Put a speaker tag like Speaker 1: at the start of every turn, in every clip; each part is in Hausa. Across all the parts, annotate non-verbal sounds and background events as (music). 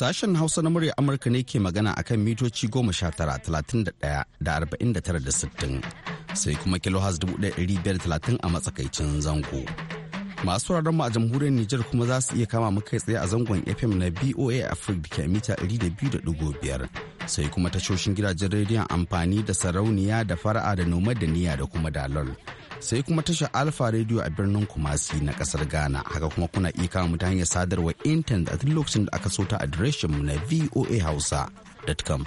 Speaker 1: Sashen Hausa na murya Amurka ne ke magana akan mitoci 19 da sittin sai kuma kilohaz 1530 a matsakaicin zango. Masu wuraren mu a jamhuriyar Nijar kuma za su iya kama muka kai tsaye a zangon FM na BOA Africa ke mita 200.5 sai kuma tashoshin gidajen rediyon amfani da sarauniya da fara'a da noma da niya da kuma dalol. sai kuma tasha alfa radio a birnin kumasi na kasar ghana haka kuma kuna iya kama ta hanyar sadarwar intanet a duk lokacin da aka so ta adireshin mu na hausa.com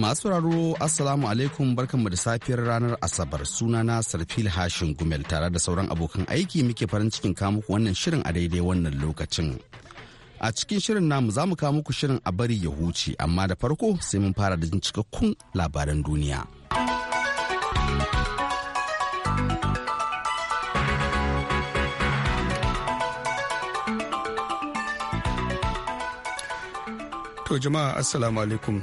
Speaker 1: Masu raro Assalamu alaikum barkanmu da safiyar ranar Asabar sunana Sarfil Hashin Gumel tare da sauran abokan aiki muke farin cikin kamuku wannan shirin a daidai wannan lokacin. A cikin shirin namu za mu kawo muku shirin a bari ya huce amma da farko sai mun fara da jin cikakkun labaran duniya.
Speaker 2: To jama'a assalamu alaikum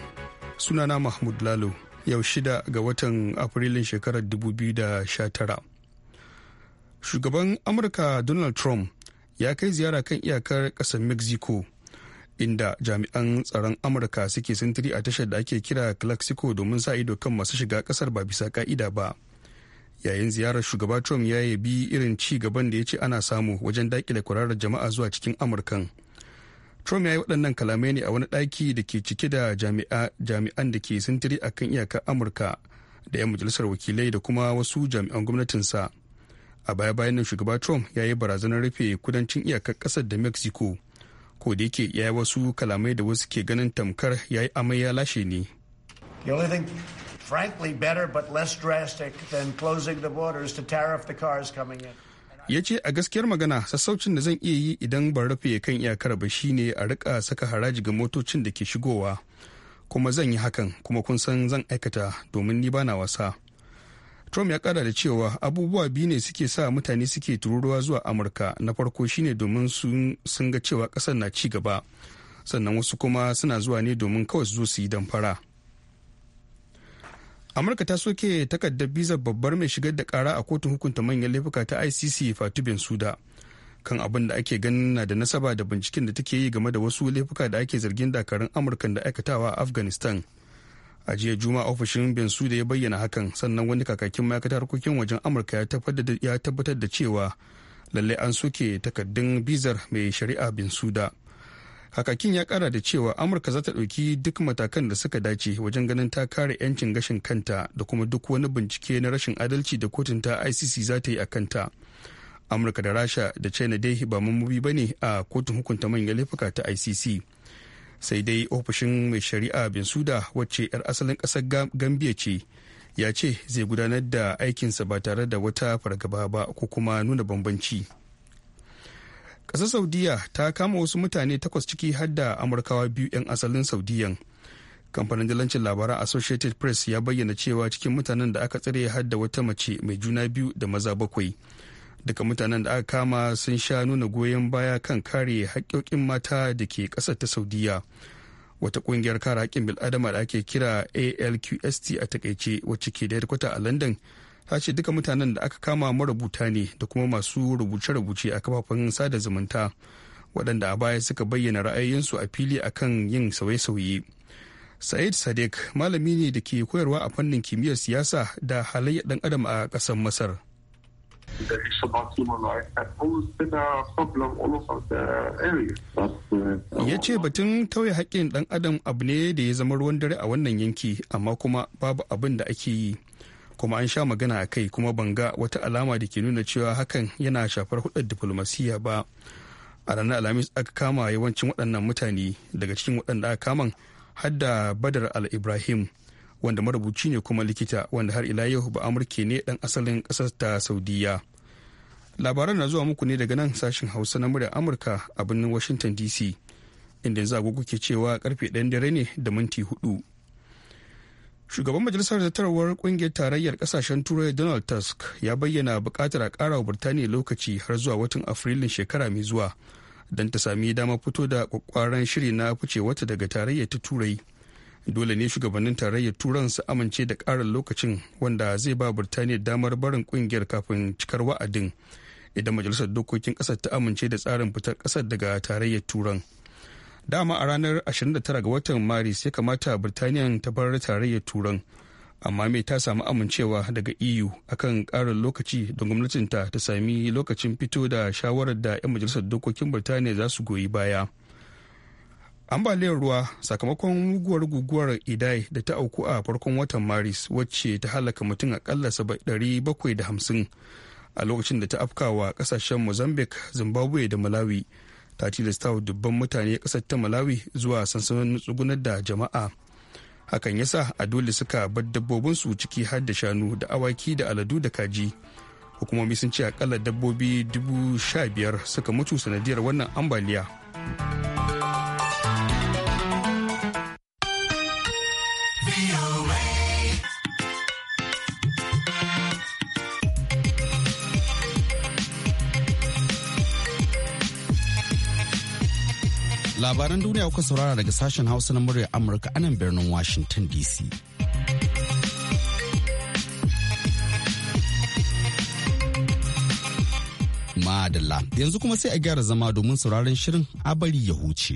Speaker 2: sunana Mahmud Lalo yau shida ga watan Afrilun shekarar 2019. Shugaban Amurka Donald Trump ya kai ziyara kan iyakar kasar mexico inda jami'an tsaron amurka suke sintiri a tashar da ake kira claxico domin sa ido kan masu shiga ƙasar ba bisa ka'ida ba yayin ziyarar shugaba trump ya yabi irin ci gaban da ya ce ana samu wajen daƙile kwararar jama'a zuwa cikin amurkan trump ya yi waɗannan kalamai ne a wani ɗaki da ke cike da jami'an da ke sintiri a kan iyakar amurka da 'yan majalisar wakilai da kuma wasu jami'an gwamnatinsa a baya bayan nan shugaba trump ya yi barazanar rufe kudancin iyakar kasar da mexico ko da yake ya yi wasu kalamai da wasu ke ganin tamkar ya yi amai ya lashe ne ya ce a gaskiyar magana sassaucin da zan iya yi idan ban rufe kan iyakar ba shi ne a rika saka haraji ga motocin da ke shigowa kuma zan yi hakan kuma kun san zan aikata domin ni bana wasa Trump ya kara da cewa abubuwa biyu ne suke sa mutane suke tururuwa zuwa Amurka na farko shine domin sun ga cewa ƙasar na ci gaba sannan wasu kuma suna zuwa ne domin kawai su zo su yi damfara. Amurka ta soke takardar bizar babbar mai shigar da kara a kotun hukunta manyan laifuka ta ICC Fatu Bensuda kan abin da ake ganin na da nasaba da binciken da take yi game da wasu laifuka da ake zargin dakarun Amurka da aikatawa a Afghanistan. a jiya juma ofishin bensu da ya bayyana hakan sannan wani kakakin ma'aikatar harkokin wajen amurka ya tabbatar da cewa lallai an soke takaddun bizar mai shari'a da kakakin ya kara da cewa amurka za ta ɗauki duk matakan da suka dace wajen ganin ta kare 'yancin gashin kanta da kuma duk wani bincike na rashin adalci da kotun ta icc za ta yi a kanta amurka da rasha da china dai ba mambobi ba ne a kotun hukunta manyan laifuka ta icc sai dai ofishin mai shari'a bin suda wacce 'yar asalin ƙasar gambia ce ya ce zai gudanar da aikinsa ba tare da wata fargaba ba ko kuma nuna bambanci ƙasar saudiya ta kama wasu mutane takwas ciki har da amurkawa biyu 'yan asalin saudiyan kamfanin dalancin labaran associated press ya bayyana cewa cikin mutanen da aka tsare har da wata mace mai juna biyu da maza bakwai daga mutanen da aka kama sun sha nuna goyon baya kan kare haƙƙoƙin mata da ke ƙasar ta saudiya wata ƙungiyar kare haƙƙin bil'adama da ake kira alqst a takaice wacce ke da kwata a london ta ce duka mutanen da aka kama marubuta ne da kuma masu rubuce-rubuce a kafafen sada zumunta waɗanda a baya suka bayyana ra'ayoyinsu a fili akan yin sauye-sauye Said Sadiq malami ne da ke koyarwa a fannin kimiyyar siyasa da halayyar ɗan adam a ƙasar Masar. yace e, e, e, Ya ce batun tauye haƙƙin ɗan adam abu ne da ya zama ruwan dare a wannan yanki amma kuma babu abin da ake yi. kuma an sha magana a kai kuma banga wata alama da ke nuna cewa hakan yana shafar hudar diflomasiyya ba a ranar alhamis aka kama yawancin waɗannan mutane daga cikin waɗanda aka kaman har da badar al-ibrahim wanda marubuci ne kuma likita wanda har ila yau ba amurke ne dan asalin kasar ta saudiya labaran na zuwa muku ne daga nan sashen hausa na murya amurka a birnin washington dc inda yanzu agogo ke cewa karfe 1 dare ne da minti hudu shugaban majalisar zattarwar kungiyar tarayyar kasashen turai donald tusk ya bayyana bukatar a kara wa birtaniya lokaci har zuwa watan afrilun shekara mai zuwa don ta sami dama fito da kwakwaran shiri na fice wata daga tarayyar ta turai dole ne shugabannin tarayyar turan su amince da ƙarin lokacin wanda zai ba birtaniya damar barin kungiyar kafin cikar wa'adin idan majalisar dokokin ƙasar ta amince da tsarin fitar ƙasar daga tarayyar turan dama a ranar 29 ga watan maris ya kamata birtaniya ta bar tarayyar turan amma mai ta samu amincewa daga eu akan ƙarin lokaci don gwamnatinta ta sami lokacin fito da shawarar da 'yan majalisar dokokin birtaniya za su goyi baya ambaliyar ruwa sakamakon muguwar guguwar idai da ta auku a farkon watan maris wacce ta halaka mutum akalla 750 a lokacin da ta afkawa kasashen mozambique zimbabwe da malawi ta tilasta dubban mutane kasar ta malawi zuwa sansanin tsugunar da jama'a hakan yasa a dole suka bar dabbobin su ciki har da shanu da awaki da aladu da kaji hukumomi sun ce akalla dabbobi dubu sha biyar suka mutu sanadiyar wannan ambaliya.
Speaker 1: labaran duniya kuka saurara daga sashen hausa na murya amurka anan birnin washington dc madalla yanzu kuma sai a gyara zama domin sauraron shirin abari ya huce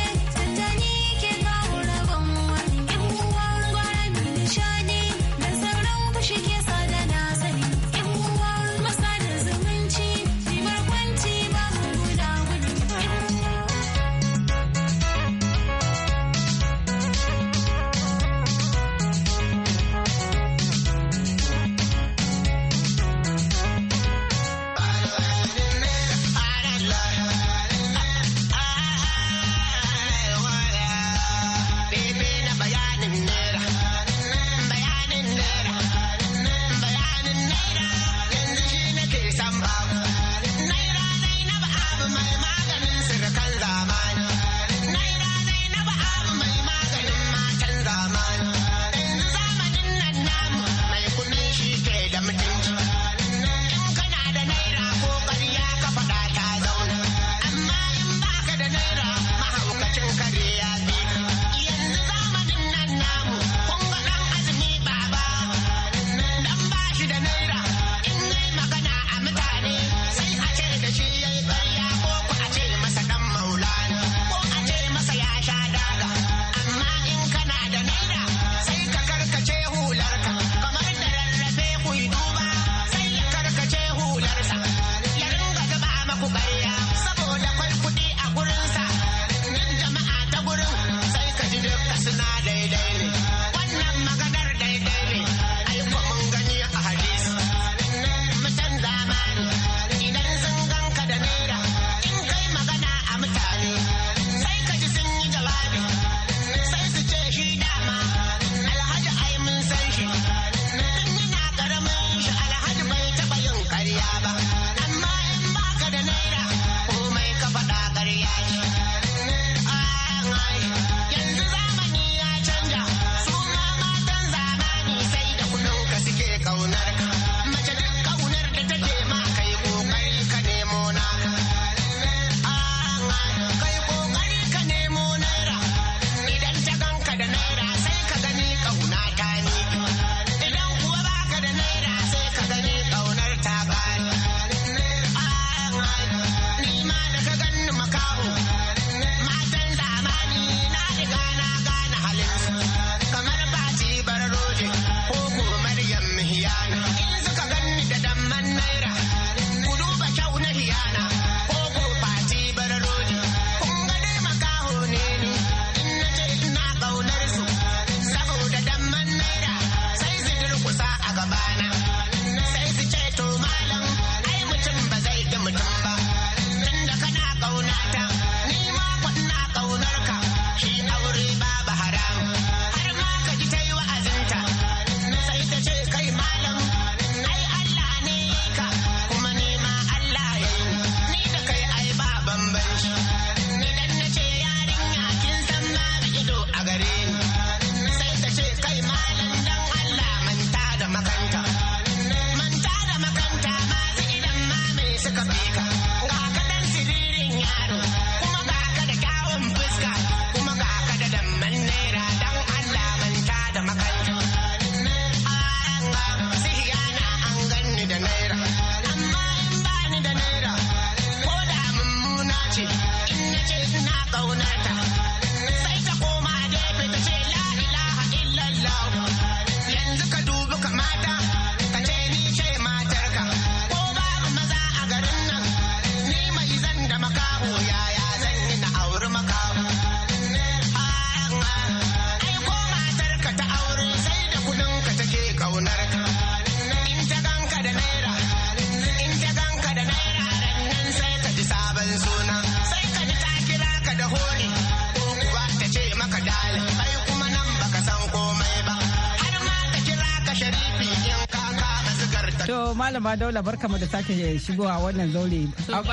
Speaker 3: malama daula barka mu da sake shigowa wannan zaure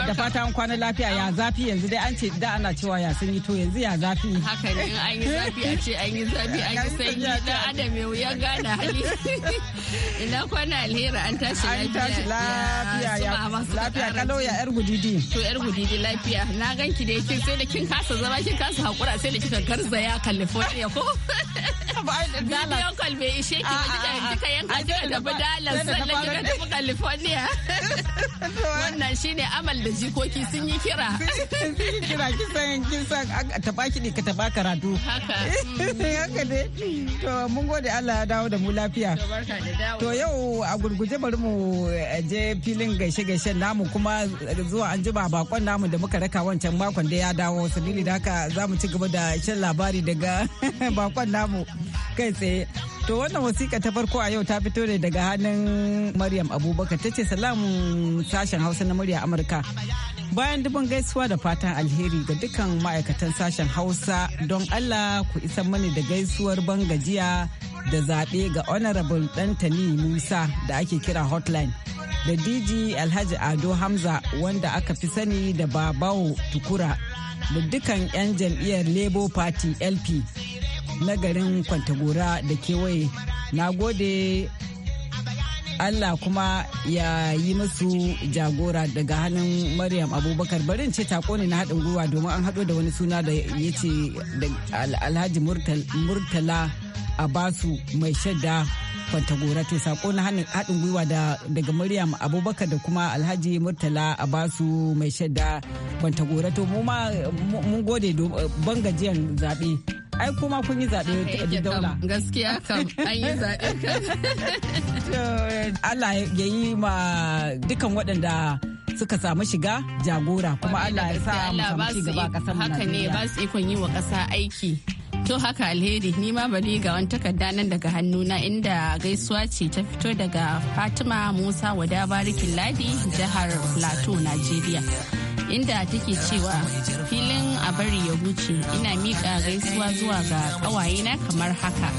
Speaker 3: da fata an kwana lafiya ya zafi yanzu dai an ce da ana cewa ya yi to yanzu ya zafi haka ne an yi zafi a
Speaker 4: ce an yi zafi an yi sanyi da adam ya wuya gana hali (laughs) ina kwana alheri an tashi lafiya an tashi lafiya ya lafiya kalo ya yar gudidi to yar gudidi lafiya na ganki da yake sai da kin kasa zama kin kasa hakura sai da kika garzaya California ko (laughs) Bidiyo kwalbe ishe ki da kika yanka da dafi sannan kika tafi California. (laughs) Wannan shine amal da jikoki sun yi kira. Sun
Speaker 3: yi kira kisan kisan taba kiɗi ka taba karatu. Haka. (laughs) Haka To mun gode Allah ya dawo da mu lafiya. To yau a gurguje bari mu eh, je filin gaishe gaishe namu kuma zuwa an jima bakon namu da muka raka wancan makon da ya dawo sabili da haka za mu ci gaba da shan labari daga (laughs) bakon namu kai tsaye. To wannan wasiƙa ta farko a yau ta fito ne daga hannun Maryam Abubakar ta ce salamun sashen Hausa na murya Amurka. Bayan dubin gaisuwa da fatan alheri ga dukkan ma'aikatan sashen Hausa don Allah ku isa mani da gaisuwar ban gajiya da zaɓe ga Honorable Dantani Musa da ake kira Hotline. Da DG Alhaji Ado Hamza wanda aka fi sani da Babawo Tukura da dukkan 'yan jam'iyyar Labour Party LP. na garin kwantagora da kewaye na gode Allah kuma ya yi musu jagora daga hannun Maryam Abubakar barin ce tako ne na haɗin gwiwa domin an haɗo da wani suna da ya ce Alhaji Murtala Abasu mai shadda kwantagora to sako na haɗin gwiwa da daga maryam abubakar da kuma alhaji murtala abasu mai shaida kwantagora to mu ma mun gode ban gajiyan zaɓe ai kuma kun yi zaɓe eh, a daula
Speaker 4: gaskiya kam an yi zaɓe
Speaker 3: (laughs) Allah ya yi
Speaker 4: ma dukan waɗanda suka samu shiga jagora kuma Allah ya sa mu samu shiga ba ƙasar mu haka ne ba su ikon yi wa ƙasa aiki To haka alheri ni ma bari ga wani takarda nan daga hannuna inda gaisuwa ce ta fito daga Fatima Musa Wada Barikin Ladi jihar Plateau, Najeriya. Inda take cewa filin a bari ya wuce ina miƙa gaisuwa zuwa ga ƙawayena kamar haka.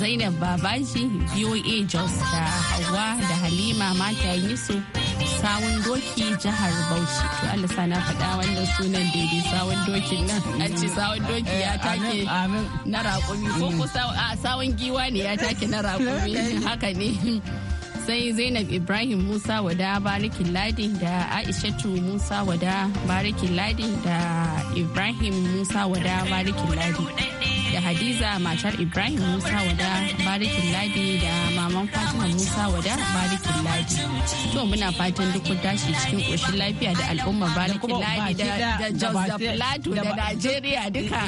Speaker 4: Zainab Babaji, boa Jos da Hawa da Halima Mata Yusuf sawun doki jihar Bauchi. To Allah sa na faɗa wannan sunan daidai sawun dokin nan. An ce sawun doki ya eh, take na raƙumi ko mm. ko sawun giwa ne ya take na raƙumi (laughs) haka ne. sai zainab ibrahim musa wada barikin ladin da aishatu musa wada barikin ladin da ibrahim musa wada barikin ladin da hadiza matar ibrahim musa wada barikin ladi da maman fatima musa wada barikin ladi to muna fatan duk kun tashi cikin koshin lafiya da al'umma barikin ladi da jos
Speaker 3: da plateau da Najeriya duka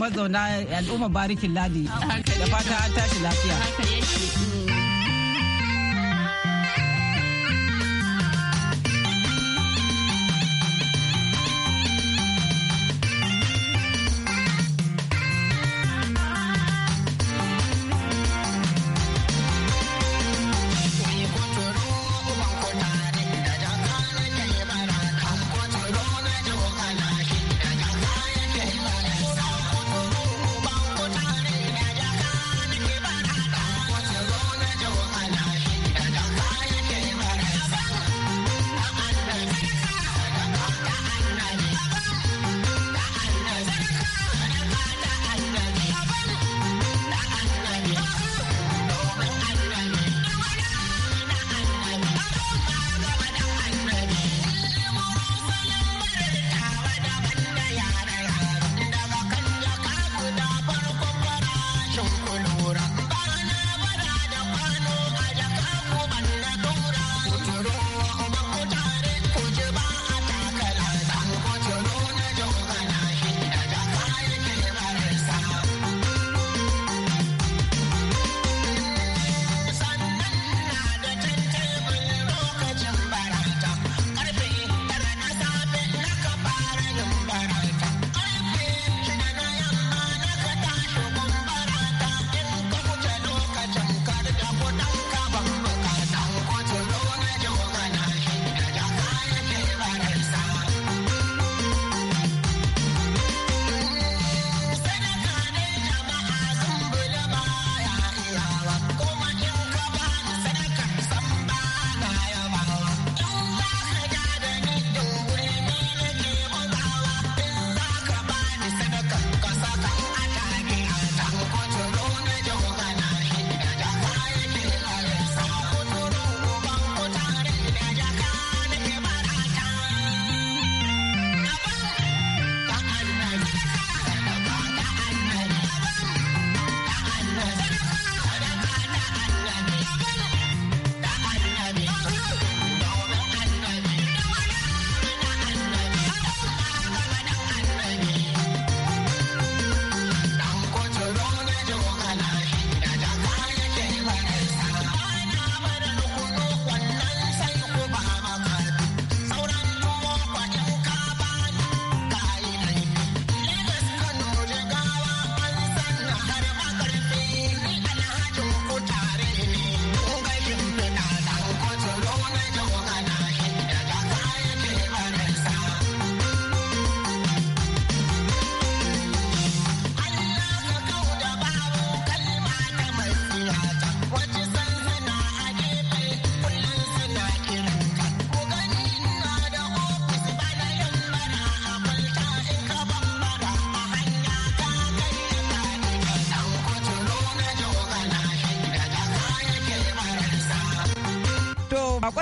Speaker 3: mazauna al'umma barikin ladi (laughs) da fata an tashi lafiya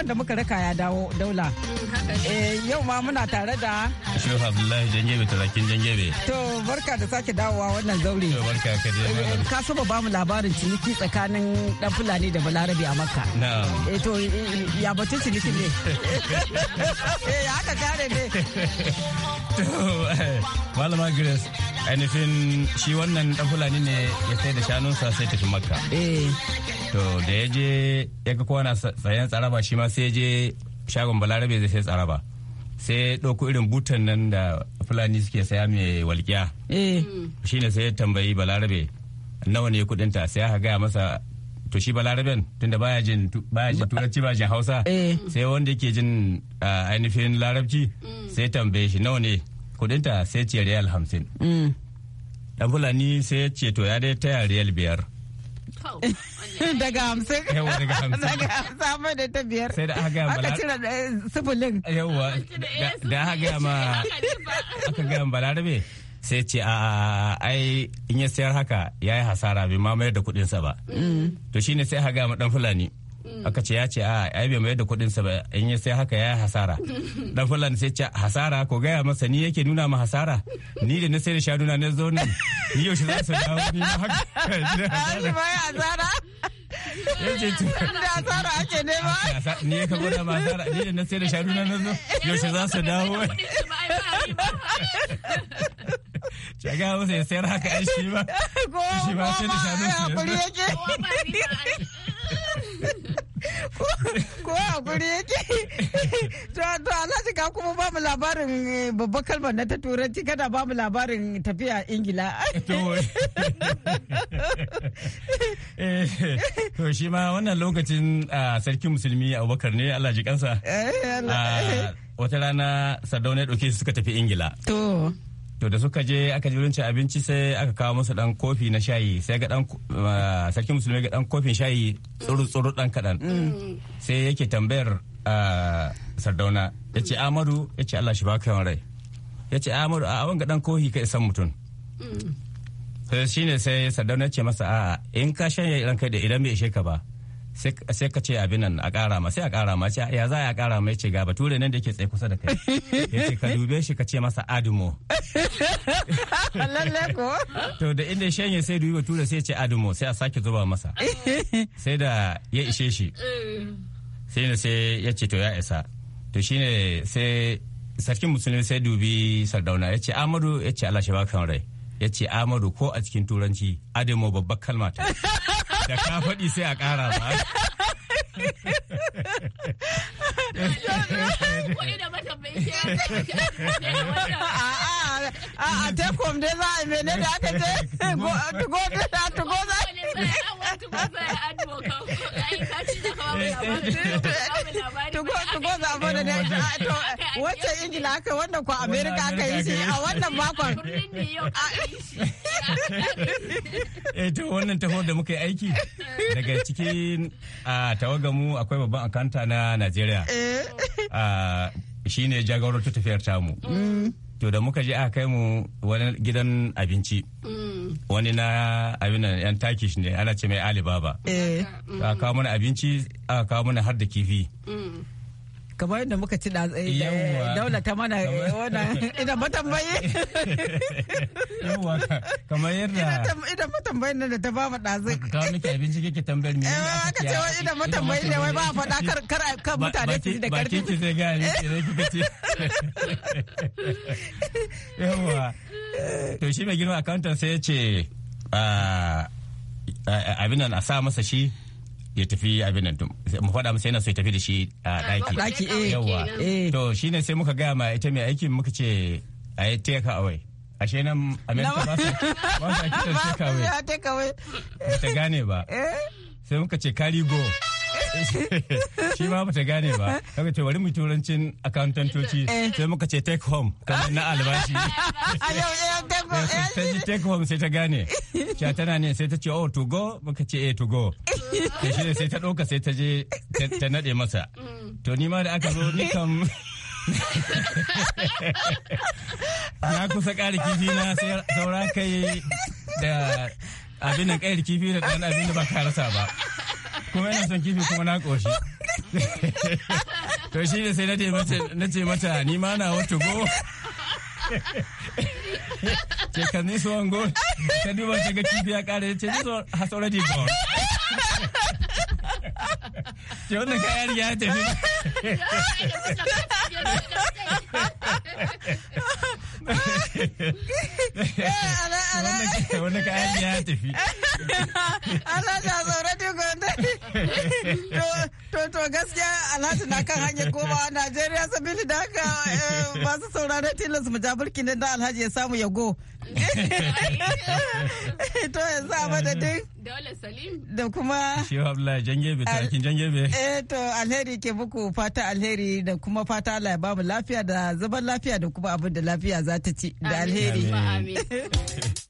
Speaker 3: bakon da muka raka ya dawo daula eh, yau ma muna tare da
Speaker 5: shehu abdullahi jangebe talakin jangebe
Speaker 3: to barka da sake dawowa wannan zauri. To
Speaker 5: barka ka dai eh,
Speaker 3: ka saba ba mu labarin ciniki tsakanin ɗan fulani da balarabe a makka na'am eh, to ya batun ciniki ne
Speaker 5: (laughs)
Speaker 3: eh haka kare ne to
Speaker 5: malama grace ainihin shi wannan dan fulani ne ya sai da shanunsa sai tafi makka eh. to da ya je ya ga kowa na tsayen tsaraba shi ma sai je shagon balarabe zai sai tsaraba sai ɗauko irin butan nan da fulani suke saya mai walƙiya eh. shi ne sai ya tambayi balarabe nawa ne kudinta sai aka gaya masa to shi balaraben tunda baya jin turanci baya jin hausa eh. sai wanda yake jin ah, ainihin larabci mm. sai tambaye shi nawa ne kudinta sai ce riyal hamsin mm. dan fulani sai ce to ya dai taya riyal biyar
Speaker 3: (laughs) daga hamsin yawa daga (laughs) hamsin daga hamsin da ta biyar sai da aka gaya eh, aka cire sifilin yawa eh, da aka gaya ma
Speaker 5: (laughs) aka gaya balarabe sai ce a ai in ya sayar haka ya yi hasara bai mamayar da kudinsa ba mm. to shine sai aka gaya ma dan fulani Mm. aka ce ya ce a ai bai mayar da kuɗin sa ba in ya sai haka ya hasara (laughs) dan fulani sai ce hasara ko gaya masa ni yake nuna ma hasara ni da na sai da shaduna na zo nan ni shi za su dawo ni ma haka (laughs) hasara
Speaker 3: (laughs) ya ce to da hasara ake nema
Speaker 5: ni ya kago da hasara ni da na sai da shaduna na zo shi za su dawo Jaga masa ya sayar haka ai shi ba. Shi ba sai da shanun
Speaker 3: ko a guri yake to ka kuma ba mu labarin eh, babban kalmar na ta turanci kada ba mu labarin tafiya ingila to
Speaker 5: eh, shi ma wannan lokacin ah, sarkin musulmi abubakar ne allah ji kansa eh, ah, wata rana sardauna ya ɗauke suka tafi ingila to da suka je aka ji wurin cin abinci sai aka kawo musu dan kofi na shayi sai ga dan sarki musulmi ga dan kofin shayi tsuru tsuru dan kadan mm. sai yake tambayar sardauna ya ce amadu ya ce allah shi ba yawan rai ya ce amadu a wanga dan kofi ka isan mutum mm. sai shine sai sardauna ya ce masa a in ka shanya idan kai da idan bai ishe ka ba sai ka ce abin nan a ƙara ma sai a ƙara ma ya za a ƙara ma ce ga bature nan da yake tsaye kusa da kai ya ce ka dube shi ka ce masa adumo
Speaker 3: (laughs) lalle ko
Speaker 5: to da inda shanye sai dubi bature sai ce adumo sai a sake zuba masa (laughs) sai da ya ishe shi sai ne sai ya ce to ya isa to shine sai sarkin musulmi sai dubi sardauna ya ce amadu ya ce Allah shi baka rai ya ce amadu ko a cikin turanci Ademo babbar kalma ta da ka faɗi sai a ƙara ba A
Speaker 3: dai za a mene da aka ce tugo za tugo eh, eh. (laughs) tugo za mu da to wacce ingila aka wannan ko Amerika aka yi shi a wannan makon
Speaker 5: eh to wannan taho da muka yi aiki daga cikin tawaga mu akwai babban akanta na Najeriya eh. Shi shine jagorar tafiyar tamu mm. to da muka je a kai mu wani gidan abinci mm. wani na abin yan takish ne ana ce mai alibaba eh. A kawo mana abinci a kawo mana har da kifi mm.
Speaker 3: kamar yadda muka ci eh, da daula ta mana eh, wannan (laughs) idan matambaye
Speaker 5: yawa kamar yadda
Speaker 3: idan nan da ta ba mu
Speaker 5: dazu ka miki abinci kike tambayar me eh aka ce wai idan matambaye ne wai ba a faɗa kar kar kan mutane su da karfi bakin ki zai ga ni zai kika ce yawa to shi mai girma accountant sai ya ce ah, abin nan a sa masa shi ya tafi abin nan mu faɗa musu yana so ya tafi da shi a ah, ɗaki ɗaki yawa eh. to shine sai muka gaya ma ita mai aikin muka ce a yi take away ashe nan amerika ba su
Speaker 3: kiran take away (laughs) ta gane ba eh.
Speaker 5: sai muka ce kari go shi ba bata gane ba kaga ce bari mu turancin accountantoci eh. sai muka ce take home kamar na albashi (laughs)
Speaker 3: eh, eh.
Speaker 5: ta ji take home sai ta gane cewa tana ne sai ta ce oh to go muka ce eh to go shi ne sai ta ɗauka sai ta je ta naɗe masa to ni ma da aka zo ni kam (laughs) na kusa ƙara kifi na saura kai da abin da kifi da ɗan abin da ba ka rasa ba kuma yana son kifi kuma na koshi to shi sai na ce mata ni ma na wato go ke kan ni so go ta duba ta ga kifi ya kare ce ni so has already gone ce wannan kayan ya tafi kayan ya tafi
Speaker 3: Ala ala tsoron To to gaskiya Alhaji na kan hanyar a Najeriya sabili da haka eh, masu sauraron tilas mu ja burki Alhaji ya samu ya go. (laughs) To yanzu a madadin.
Speaker 4: Dole Salim.
Speaker 3: Da kuma.
Speaker 5: Shehu Jangebe Jangebe.
Speaker 3: Eh to alheri ke buku fata alheri da kuma fata Allah ya ba lafiya da zaman lafiya da kuma abin da lafiya za ta ci da alheri. (laughs)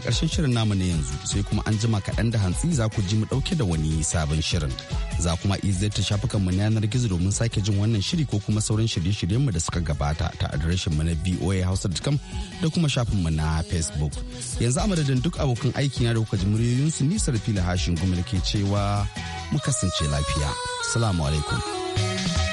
Speaker 1: karshen shirin namu na yanzu sai kuma an jima kaɗan da hantsi za ku ji mu ɗauke da wani sabon shirin. Za kuma izirta shafukan mu na yanar gizo domin sake jin wannan shiri ko kuma sauran shirye-shiryen mu da suka gabata ta adireshin mu na hausa da kuma shafin mu na Facebook. Yanzu a madadin duk abokan aiki na da kuka ji nisa nisar fila hashin gumi da ke cewa mu kasance lafiya. Salamu alaikum.